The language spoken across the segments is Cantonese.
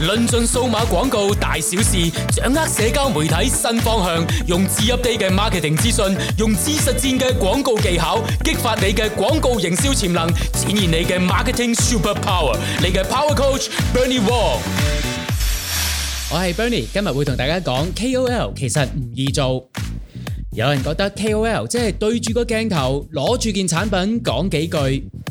論盡數碼廣告大小事，掌握社交媒體新方向，用最 update 嘅 marketing 資訊，用最實戰嘅廣告技巧，激發你嘅廣告營銷潛能，展現你嘅 marketing super power。你嘅 power coach Bernie Wong，我係 Bernie，今日會同大家講 KOL 其實唔易做。有人覺得 KOL 即係對住個鏡頭，攞住件產品講幾句。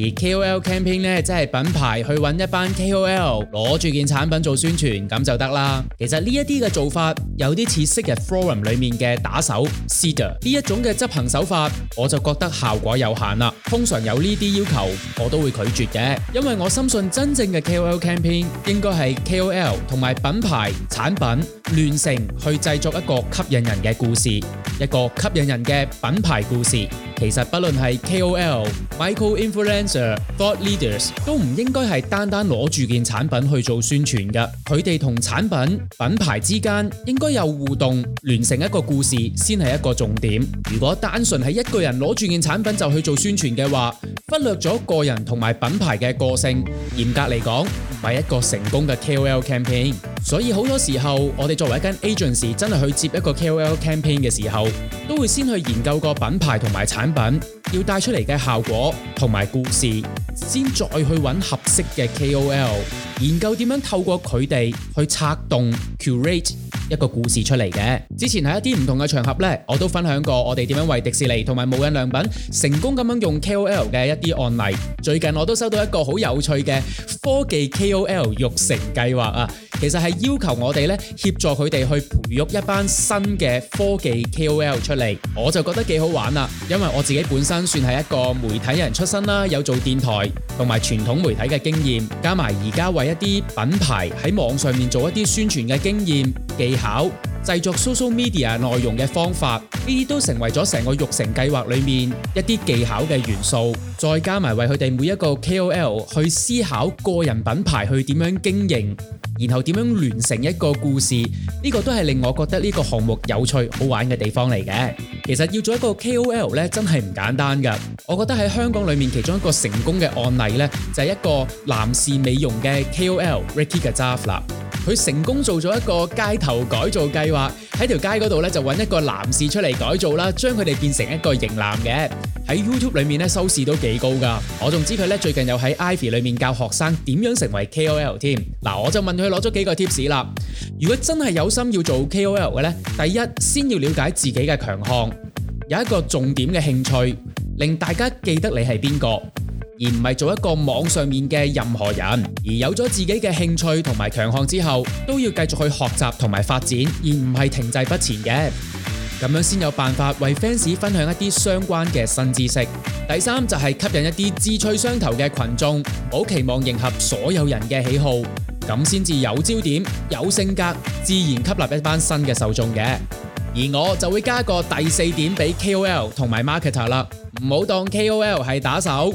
而 KOL campaign 咧，即係品牌去揾一班 KOL 攞住件產品做宣傳咁就得啦。其實呢一啲嘅做法有啲似昔日 forum 裡面嘅打手 leader 呢一種嘅執行手法，我就覺得效果有限啦。通常有呢啲要求我都會拒絕嘅，因為我深信真正嘅 KOL campaign 應該係 KOL 同埋品牌產品聯成去製作一個吸引人嘅故事，一個吸引人嘅品牌故事。其實不論係 KOL、micro influencer、thought leaders，都唔應該係單單攞住件產品去做宣傳噶。佢哋同產品、品牌之間應該有互動，聯成一個故事先係一個重點。如果單純係一個人攞住件產品就去做宣傳嘅話，忽略咗個人同埋品牌嘅個性，嚴格嚟講，唔係一個成功嘅 KOL campaign。所以好多時候，我哋作為一間 agency，真係去接一個 KOL campaign 嘅時候，都會先去研究個品牌同埋產品要帶出嚟嘅效果同埋故事，先再去揾合適嘅 KOL，研究點樣透過佢哋去策動 curate 一個故事出嚟嘅。之前喺一啲唔同嘅場合呢，我都分享過我哋點樣為迪士尼同埋無印良品成功咁樣用 KOL 嘅一啲案例。最近我都收到一個好有趣嘅科技 KOL 育成計劃啊！其實係要求我哋咧協助佢哋去培育一班新嘅科技 KOL 出嚟，我就覺得幾好玩啦。因為我自己本身算係一個媒體人出身啦，有做電台同埋傳統媒體嘅經驗，加埋而家為一啲品牌喺網上面做一啲宣傳嘅經驗、技巧、製作 social media 內容嘅方法，呢啲都成為咗成個育成計劃裏面一啲技巧嘅元素。再加埋為佢哋每一個 KOL 去思考個人品牌去點樣經營。然後點樣聯成一個故事？呢、這個都係令我覺得呢個項目有趣好玩嘅地方嚟嘅。其實要做一個 KOL 咧，真係唔簡單噶。我覺得喺香港裏面其中一個成功嘅案例咧，就係、是、一個男士美容嘅 KOL Ricky 嘅 Gazzala。佢成功做咗一個街頭改造計劃，喺條街嗰度咧，就揾一個男士出嚟改造啦，將佢哋變成一個型男嘅。喺 YouTube 裏面咧，收視都幾高噶，我仲知佢咧，最近又喺 Ivy 裏面教學生點樣成為 KOL 添嗱，我就問佢攞咗幾個 tips 啦。如果真係有心要做 KOL 嘅咧，第一先要了解自己嘅強項，有一個重點嘅興趣，令大家記得你係邊個。而唔係做一個網上面嘅任何人，而有咗自己嘅興趣同埋強項之後，都要繼續去學習同埋發展，而唔係停滯不前嘅。咁樣先有辦法為 fans 分享一啲相關嘅新知識。第三就係吸引一啲志趣相投嘅群眾，唔好期望迎合所有人嘅喜好，咁先至有焦點、有性格，自然吸納一班新嘅受眾嘅。而我就會加個第四點俾 KOL 同埋 Marketer 啦，唔好當 KOL 係打手。